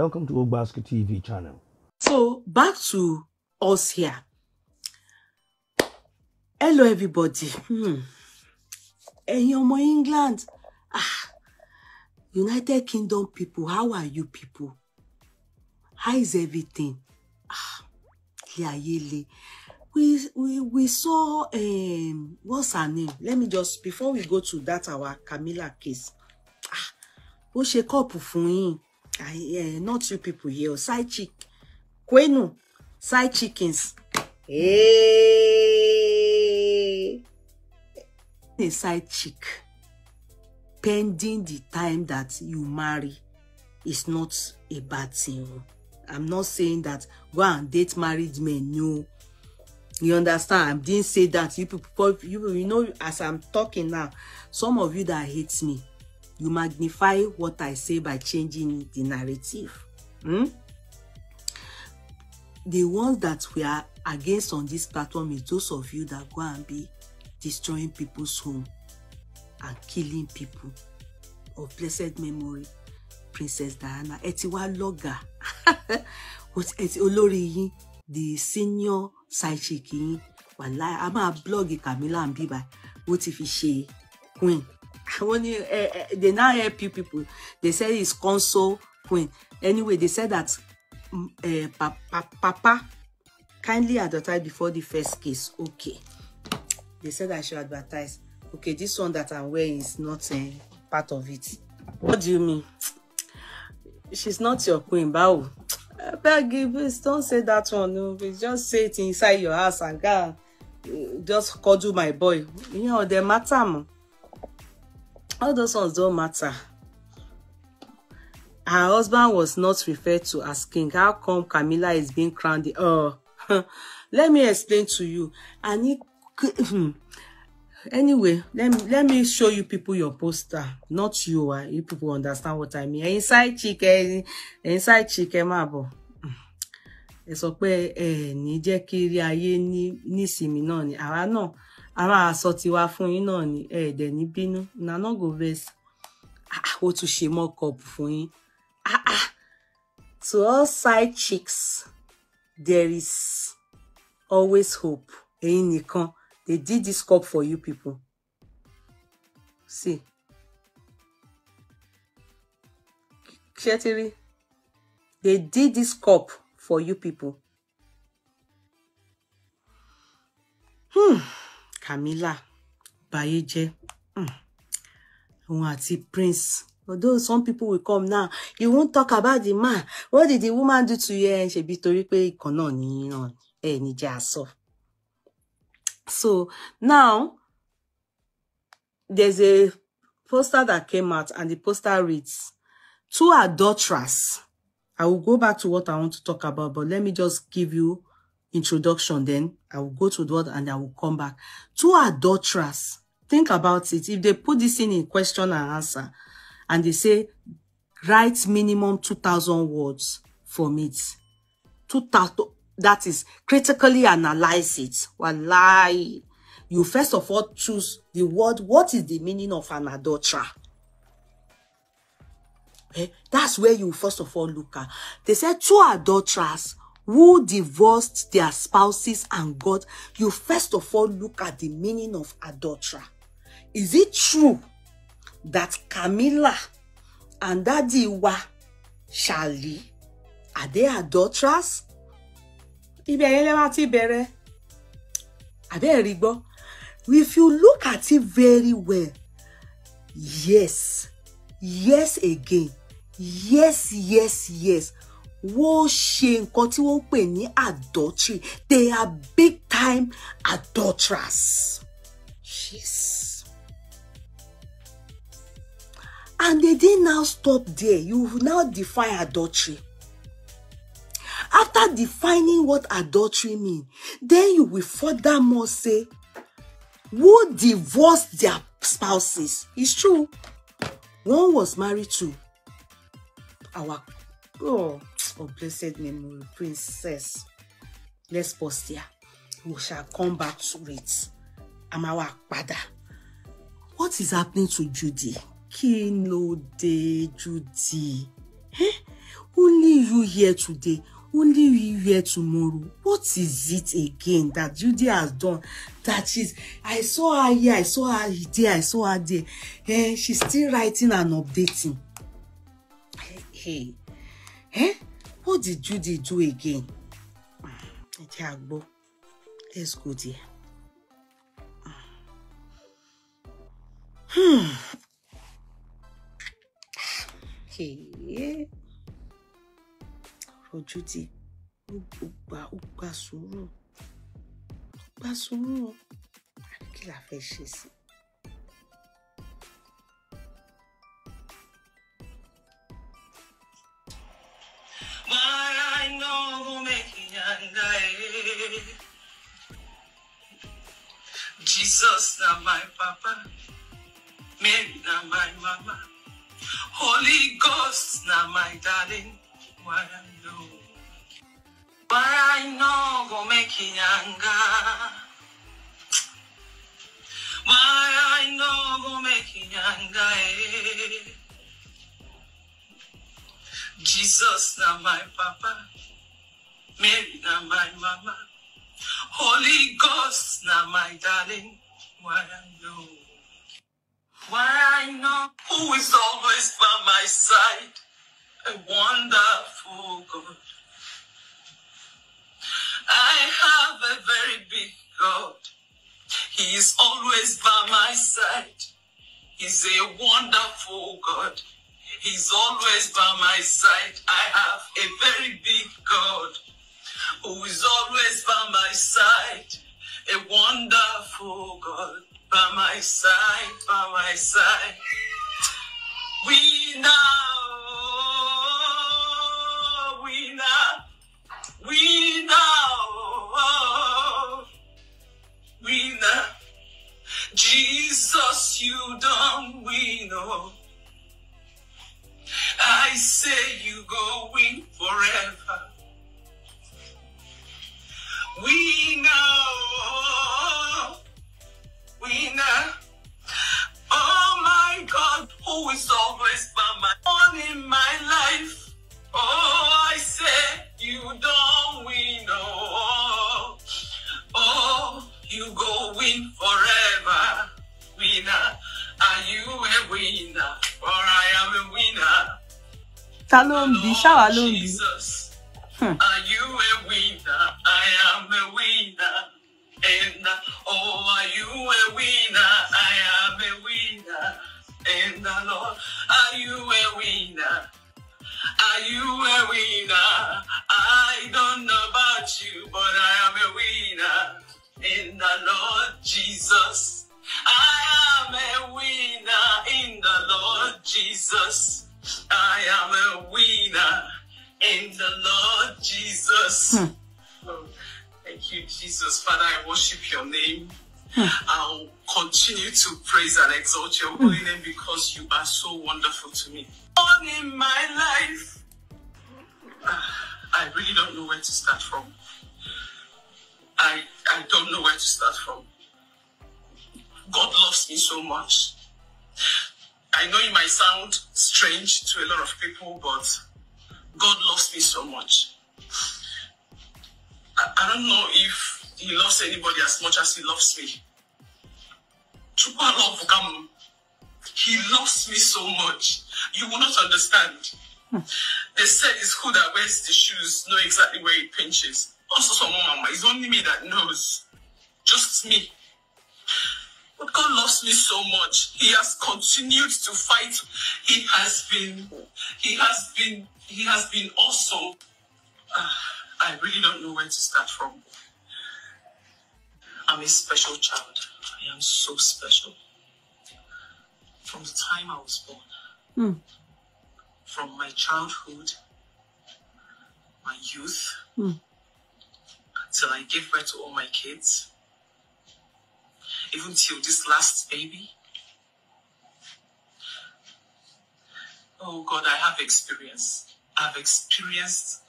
Welcome to Ogbaski TV channel. So back to us here. Hello everybody. Hmm. Ẹ̀yin my England. Ah. United Kingdom people, how are you people? How is everything? Ah. We, we, we saw, um, what's her name? Let me just, before we go to that, our Camilla case. Ah, ó ṣe kọ́ọ̀pù fún yín I, uh, not you people here, oh, side chick, quenu, side chickens. Hey. A side chick, pending the time that you marry, is not a bad thing. Oh. I'm not saying that go and date married men. No, you understand? I didn't say that. You people, you, you know, as I'm talking now, some of you that hate me, You magnify what I say by changing the narrative. Hmm? The ones that we are against on this platform is those of you that go and be destroying people's home and killing people of blessed memory Princess Diana ẹ ti wá lọ́gà ẹ ti olórí the senior side chick yín wàláì a máa blog Camilla ń bíbá ó ti fi queen only uh, eh, eh, they now help you people. They said it's console queen. Anyway, they said that uh, pa pa Papa kindly advertise before the first case. Okay. They said I should advertise. Okay, this one that I'm wearing is not uh, part of it. What do you mean? She's not your queen, Bao. I please don't say that one. No, please just say it inside your house and go. Just cuddle my boy. You know, the matter all those ones don't matter her husband was not referred to as king how come camilla is being crowned the uh let me explain to you Any, hmm. anyway let me let me show you people your poster not you uh, you people understand what i mean inside chick eh, inside chick ẹ eh, máa bọ ẹ sọ pé ẹ ní ni kí rí no. ni àwa náà a máa sọ tiwa fún yín náà ni ẹ dẹ̀ ní bínú una no go vex ah, ah, ó tún ṣe mock up fún yín ah, to all side chicks there is always hope ẹ̀yin nìkan they did this cup for you people see ṣẹ́tírí they did this cup for you people. Hmm. Camila bayéjẹ́ hmm. òun um, àti Prince although some people will come now you won't talk about the man what did the woman do to you ṣebí torí pé ìkan náà ní náà ẹ ní jẹ́ àsọ so now there's a poster that came out and the poster reads two adulterers I will go back to what I want to talk about, but let me just give you introduction, then I will go to the word and I will come back. Two adulterers, think about it. If they put this in a question and answer, and they say, write minimum 2,000 words from it. 2,000, that is, critically analyze it. Wallahi. You first of all choose the word, what is the meaning of an adulterer? Okay? Eh? That's where you first of all look at. They said two adulterers who divorced their spouses and God, you first of all look at the meaning of adultery. Is it true that Camilla and Dadiwa Charlie, are they adulterers? If you look at it very well, yes, yes again, yes, yes, yes wọ́n ṣe nǹkan tí wọ́n pè ní adultery they are big time adulterers. Jeez. And they didn't now stop there. You now define adultery. After defining what adultery means, then you will further more say, who divorced their spouses? It's true. One was married to our oh, of blessed memory, Princess let's pause here we shall come back to it Amawa, máa what is happening to Judy kí ló dé Judy eh? only you here today only you here tomorrow what is it again that Judy has done that she's I saw her here I saw her there I saw her there eh, she's still writing and updating hey, hey. Eh? What did you do again? Ah, ẹ jẹ́ a Let's go there. Hmm. Okay. Rojú ti ó gba ó gba sùúrù. Ó gba sùúrù. Kí la fẹ́ ṣe sí Jesus, na my papa. Mary, na my mama. Holy Ghost, now my darling. Why I know. Why I know go making yanga. Why I know go making yanga. Eh? Jesus, na my papa. Mary, na my mama. Holy Ghost, now my darling, why I know. why I know, who is always by my side, a wonderful God. I have a very big God. He is always by my side. He's a wonderful God. He's always by my side. I have a very big God who is always by my side. A wonderful God by my side, by my side. We now, we now, we now, we now. Jesus, you don't win. know. Oh. I say you go win forever. We know, we know. Oh my God, who is always by my on in my life. Oh, I say, you don't win, oh, oh, you go win forever, winner. Are you a winner? For I am a winner. Talon, ló ń bí, Hmm. Are you a winner? I am a winner. And uh, oh, are you a winner? I am a winner. And the uh, Lord, are you a winner? Are you a winner? I don't know about you, but I am a winner in the Lord Jesus. I am a winner in the Lord Jesus. I am a winner in the Lord Jesus. Hmm. Oh, thank you, Jesus. Father, I worship your name. Hmm. I'll continue to praise and exalt your hmm. holy name because you are so wonderful to me. All in my life, uh, I really don't know where to start from. I, I don't know where to start from. God loves me so much. I know it might sound strange to a lot of people, but God loves me so much. I, I don't know if he loves anybody as much as he loves me. He loves me so much. You will not understand. Hmm. They say it's who that wears the shoes know exactly where it pinches. Also, some mama, it's only me that knows. Just me. But God loves me so much. He has continued to fight. He has been, he has been he has been also, uh, I really don't know where to start from. I'm a special child. I am so special. From the time I was born, mm. from my childhood, my youth, mm. till I gave birth to all my kids, even till this last baby. Oh God, I have experience. I've experienced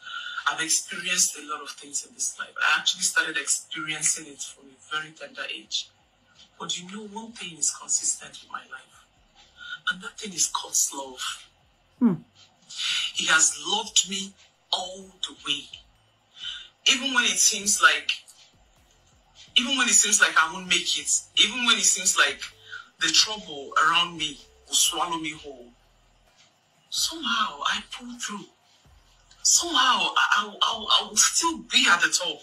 I've experienced a lot of things in this life. I actually started experiencing it from a very tender age. But you know, one thing is consistent in my life, and that thing is God's love. Hmm. He has loved me all the way. Even when it seems like, even when it seems like I won't make it, even when it seems like the trouble around me will swallow me whole, somehow I pull through somehow I, I, I will still be at the top.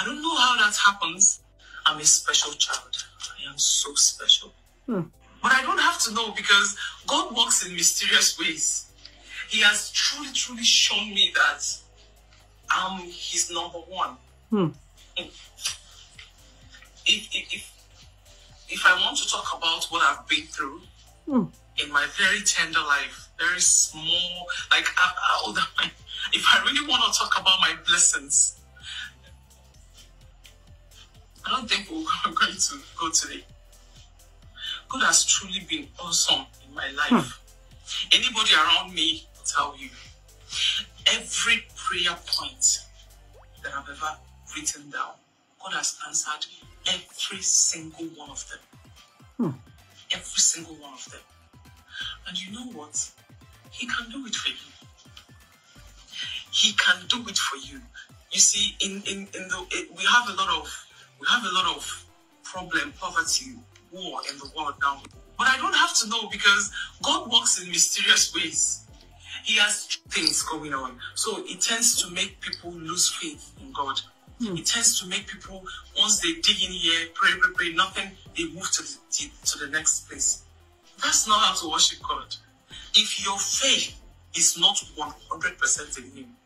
I don't know how that happens. I'm a special child. I am so special. Hmm. But I don't have to know because God works in mysterious ways. He has truly, truly shown me that I'm his number one. Hmm. hmm. If, if, if, if I want to talk about what I've been through hmm. in my very tender life, very small. Like, I, I, if I really want to talk about my blessings, I don't think we're going to go today. God has truly been awesome in my life. Hmm. Anybody around me will tell you. Every prayer point that I've ever written down, God has answered every single one of them. Hmm. Every single one of them. And you know what? He can do it for you. He can do it for you. You see, in in, in the it, we have a lot of we have a lot of problem, poverty, war in the world now. But I don't have to know because God works in mysterious ways. He has things going on. So it tends to make people lose faith in God. Mm. It tends to make people, once they dig in here, pray, pray, pray, nothing, they move to the, to the next place. That's not how to worship God. If your faith is not 100% in Him,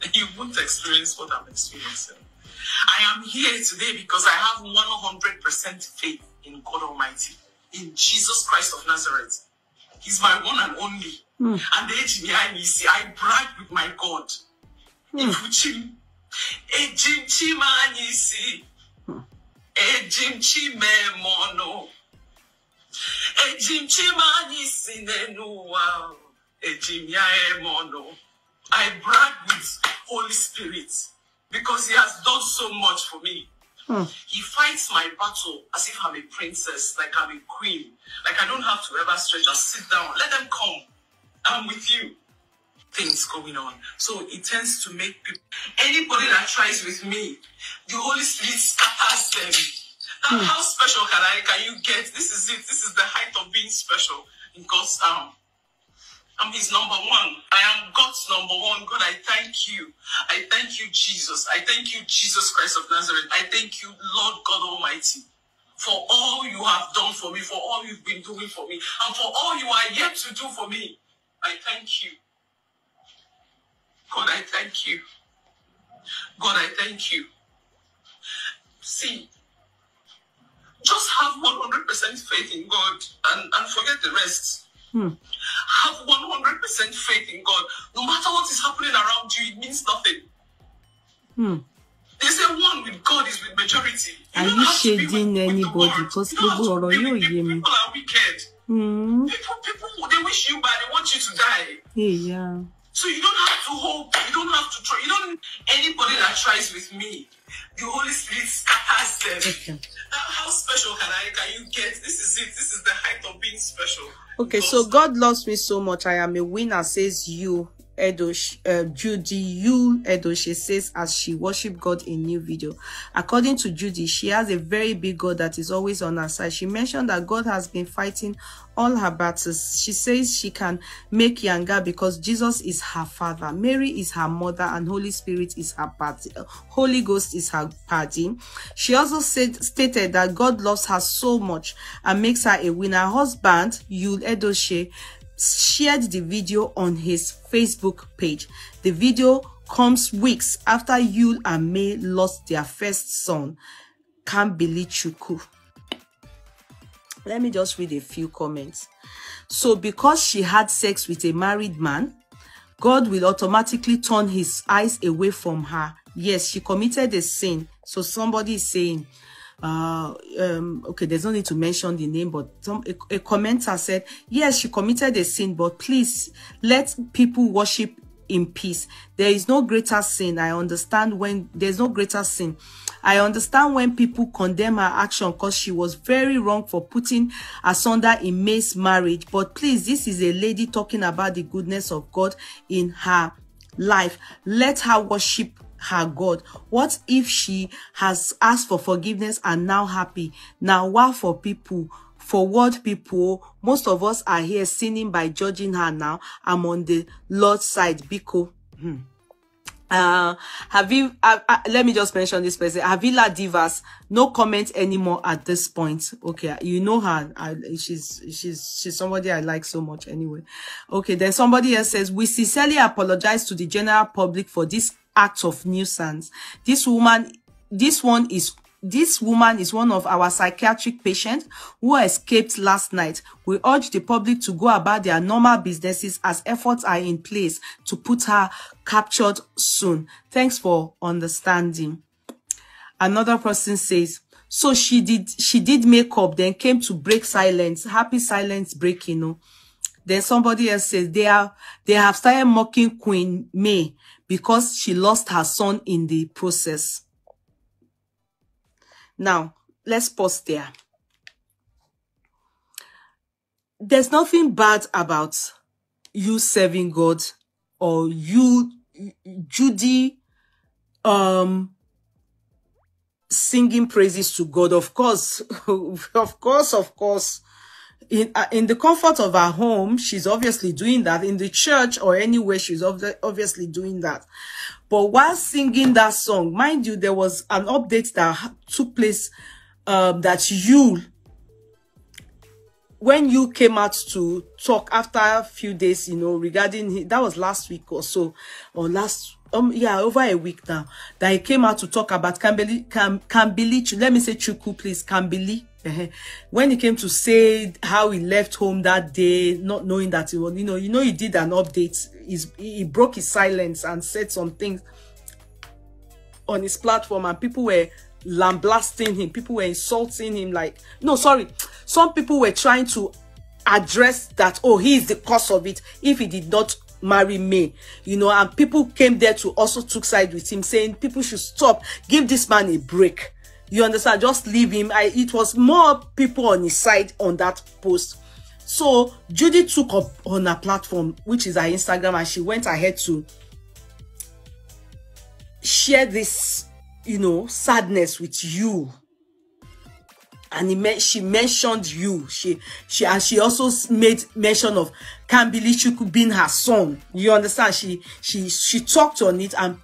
then you won't experience what I'm experiencing. I am here today because I have 100% faith in God Almighty, in Jesus Christ of Nazareth. He's my one and only. Mm. And the age behind me, see, I brag with my God. Mm. Ejim Chima Nisi. Ejim Chime Mono. I brag with Holy Spirit because he has done so much for me. Hmm. He fights my battle as if I'm a princess, like I'm a queen, like I don't have to ever stretch. Just sit down, let them come. I'm with you. Things going on. So it tends to make people, anybody that tries with me, the Holy Spirit scatters them. How, hmm. how special can I can you get? This is it. This is the height of being special in God's arm. I'm his number one. I am God's number one. God, I thank you. I thank you, Jesus. I thank you, Jesus Christ of Nazareth. I thank you, Lord God Almighty, for all you have done for me, for all you've been doing for me, and for all you are yet to do for me. I thank you. God, I thank you. God, I thank you. See, just have 100% faith in God and, and forget the rest. Hmm. Have 100% faith in God. No matter what is happening around you, it means nothing. Hmm. They say one with God is with majority. You are you shading anybody? Because people are wicked. Mm. People, people, they wish you bad. They want you to die. Yeah. So you don't have to hope. You don't have to try. You don't. Anybody that tries with me, the Holy Spirit scatters them, okay. how, how special can I can you get? This is it. This is the height of being special. Okay, so God loves me so much. I am a winner, says you. Edosh, uh, Judy you, Edoche says as she worshiped God in new video. According to Judy, she has a very big God that is always on her side. She mentioned that God has been fighting all her battles. She says she can make younger because Jesus is her father, Mary is her mother, and Holy Spirit is her party. Holy Ghost is her party. She also said stated that God loves her so much and makes her a winner. husband, Yul Edoshe, shared the video on his Facebook page. The video comes weeks after Yul and May lost their first son, Kambili Chuku. Let me just read a few comments. So, because she had sex with a married man, God will automatically turn his eyes away from her. Yes, she committed a sin. So, somebody is saying, uh, um, okay, there's no need to mention the name, but some, a, a commenter said, yes, she committed a sin, but please let people worship in peace. There is no greater sin. I understand when there's no greater sin I understand when people condemn her action because she was very wrong for putting asunder May's marriage. But please, this is a lady talking about the goodness of God in her life. Let her worship her God? What if she has asked for forgiveness and now happy? Now, what for people? For what people? Most of us are here sinning by judging her now. I'm on the Lord's side. Biko. Hmm uh have you uh, uh, let me just mention this person avila divas no comment anymore at this point okay you know her I, she's she's she's somebody i like so much anyway okay then somebody else says we sincerely apologize to the general public for this act of nuisance this woman this one is this woman is one of our psychiatric patients who escaped last night. We urge the public to go about their normal businesses as efforts are in place to put her captured soon. Thanks for understanding. Another person says, so she did she did make up, then came to break silence. Happy silence breaking, No? Then somebody else says they are they have started mocking Queen May because she lost her son in the process. Now, let's pause there. There's nothing bad about you serving God or you, Judy, um, singing praises to God. Of course, of course, of course. In, uh, in the comfort of her home, she's obviously doing that. In the church or anywhere, she's ob obviously doing that. But while singing that song, mind you, there was an update that took place um, that you, when you came out to talk after a few days, you know, regarding, that was last week or so, or last um, yeah, over a week now, that he came out to talk about Kambili, can Kambili, let me say Chuku, please, Kambili, when he came to say how he left home that day, not knowing that he was, you know, you know, he did an update. He's, he broke his silence and said some things on his platform, and people were lambasting him. People were insulting him. Like, no, sorry, some people were trying to address that. Oh, he is the cause of it. If he did not marry me you know and people came there to also took side with him saying people should stop give this man a break You understand? Just leave him. I, it was more people on his side on that post. So Judy took up on her platform, which is her Instagram, and she went ahead to share this, you know, sadness with you. And he she mentioned you. She she and she also made mention of can't believe she could be in her song. You understand? She she she talked on it and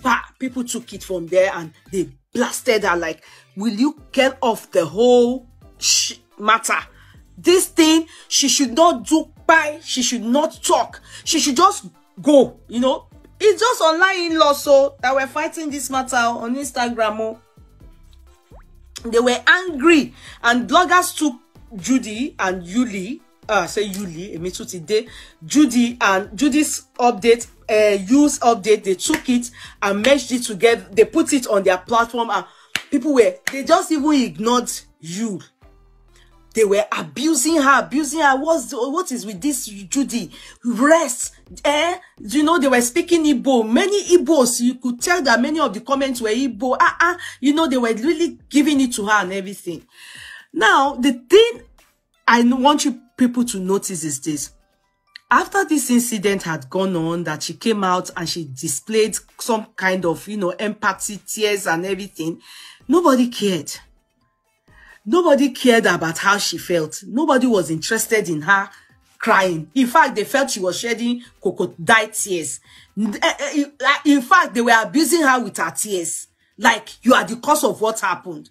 bah, people took it from there and they blasted her like, will you get off the whole matter? This thing, she should not do by, she should not talk. She should just go, you know. It's just online in-law so that we're fighting this matter on Instagram. Oh. They were angry and bloggers took Judy and Yuli, uh, say Yuli, Emituti Day, Judy and Judy's update uh, use update they took it and merged it together they put it on their platform and people were they just even ignored you they were abusing her abusing her what's what is with this judy rest eh you know they were speaking igbo many igbos you could tell that many of the comments were igbo ah ah you know they were really giving it to her and everything now the thing i want you people to notice is this after this incident had gone on that she came out and she displayed some kind of you know empathy tears and everything nobody cared nobody cared about how she felt nobody was interested in her crying in fact they felt she was shedding crocodile tears eh, eh, in fact they were abusing her with her tears like you are the cause of what happened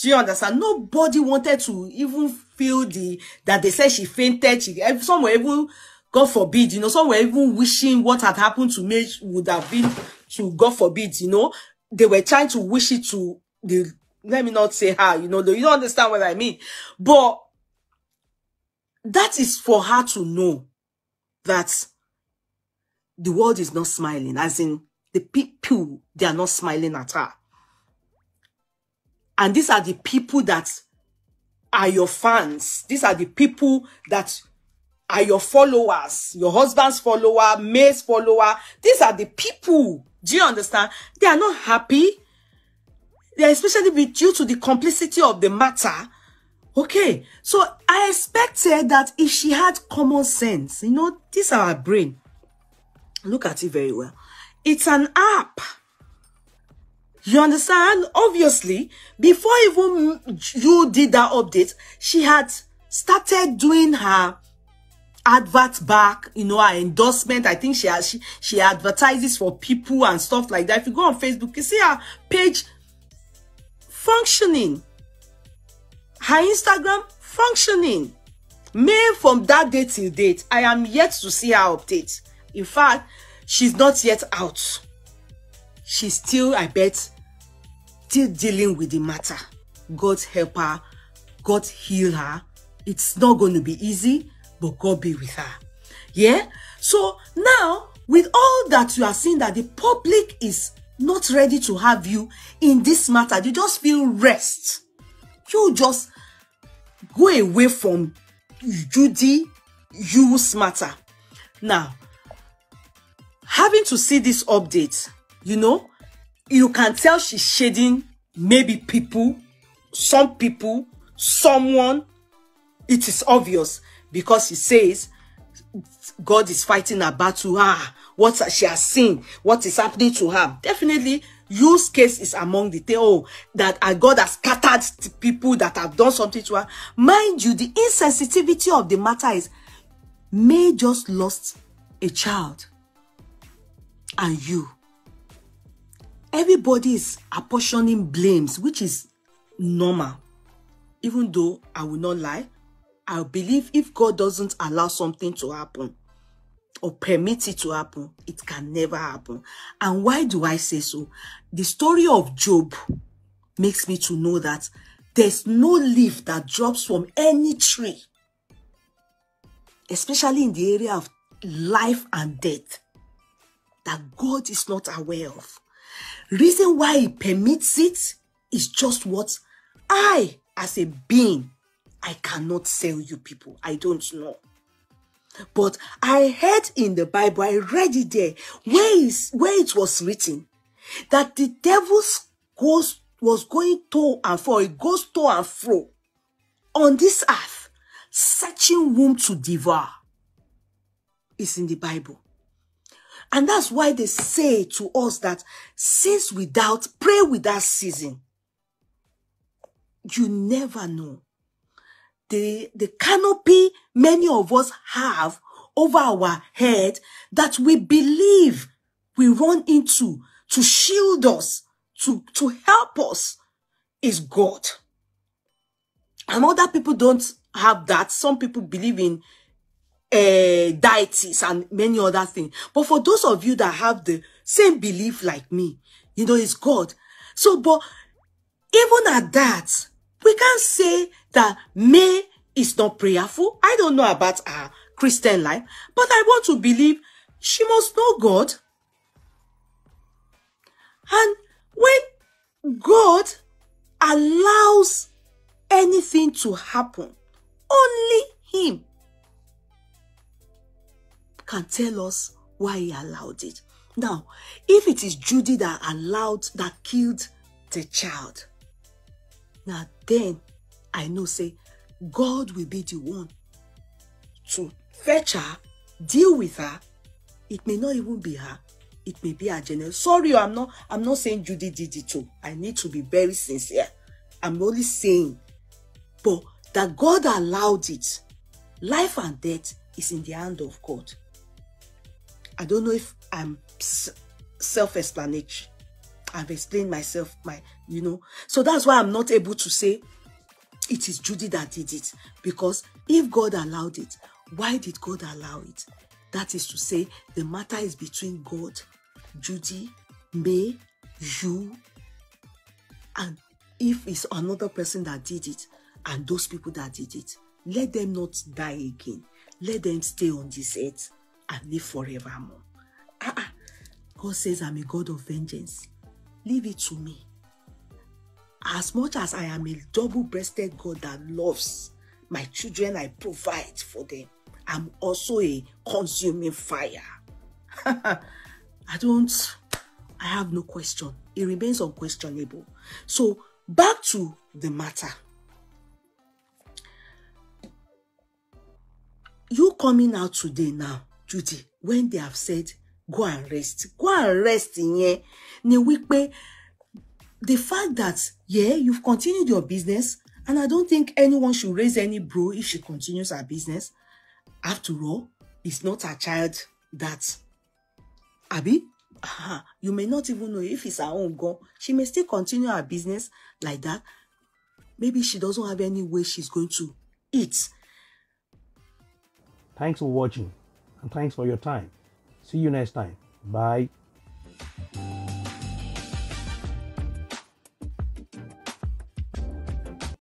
do you understand? Nobody wanted to even feel the that they said she fainted. She eh, some were even God forbid, you know, some were even wishing what had happened to me would have been to God forbid, you know. They were trying to wish it to the let me not say her, you know, you don't understand what I mean. But that is for her to know that the world is not smiling, as in the people, they are not smiling at her. And these are the people that are your fans. These are the people that are your followers, your husband's follower, May's follower. These are the people. Do you understand? They are not happy. They are especially with due to the complicity of the matter. Okay, so I expected that if she had common sense, you know, this our brain. Look at it very well. It's an app. You understand? Obviously, before even you did that update, she had started doing her advert back, you know, her endorsement. I think she has, she, she advertises for people and stuff like that. If you go on Facebook, you see her page functioning, her Instagram functioning. May from that day till date, I am yet to see her update. In fact, she's not yet out. She's still, I bet, still dealing with the matter. God help her. God heal her. It's not going to be easy but God be with her. Yeah? So now, with all that you are seeing that the public is not ready to have you in this matter, you just feel rest. You just go away from Judy You matter. Now, having to see this update, you know, you can tell she's shading maybe people, some people, someone. It is obvious because he says God is fighting a battle. Ah, what she has seen, what is happening to her. Definitely, use case is among the tale oh, that God has scattered people that have done something to her. Mind you, the insensitivity of the matter is May just lost a child and you. Everybody is apportioning blames, which is normal. Even though I will not lie, I believe if God doesn't allow something to happen or permit it to happen, it can never happen. And why do I say so? The story of Job makes me to know that there's no leaf that drops from any tree, especially in the area of life and death, that God is not aware of. Reason why he permits it is just what I, as a being, I cannot sell you people. I don't know. But I heard in the Bible, I read it there, where, is, where it was written that the devils goes, was going to and fro, it goes to and fro on this earth, searching whom to devour. It's in the Bible. And that's why they say to us that since without, pray without ceasing. You never know the, the canopy many of us have over our head that we believe we run into to shield us, to, to help us is God. And other people don't have that. Some people believe in uh, deities and many other things. But for those of you that have the same belief like me, you know, it's God. So, but even at that, we can't say that May is not prayerful. I don't know about her Christian life, but I want to believe she must know God. And when God allows anything to happen, only Him can tell us why He allowed it. Now, if it is Judy that allowed, that killed the child, now then I know say God will be the one to fetch her, deal with her. It may not even be her. It may be her general. Sorry, I'm not I'm not saying Judy did it too. I need to be very sincere. I'm only saying, but that God allowed it. Life and death is in the hand of God. I don't know if I'm self-explanatory. I've explained myself, my, you know. So that's why I'm not able to say it is Judy that did it. Because if God allowed it, why did God allow it? That is to say, the matter is between God, Judy, me, you, and if it's another person that did it, and those people that did it, let them not die again. Let them stay on this earth and live forevermore. Ah, ah. God says, I'm a God of vengeance. Leave it to me as much as I am a double breasted God that loves my children, I provide for them. I'm also a consuming fire. I don't, I have no question. It remains unquestionable. So, back to the matter. You coming out today now, Judy, when they have said, go and rest. Go and rest in here. Ni the fact that, yeah, you've continued your business, and I don't think anyone should raise any bro if she continues her business. After all, it's not her child that, Abby, uh, you may not even know if it's her own girl. She may still continue her business like that. Maybe she doesn't have any way she's going to eat. Thanks for watching and thanks for your time. See you next time. Bye.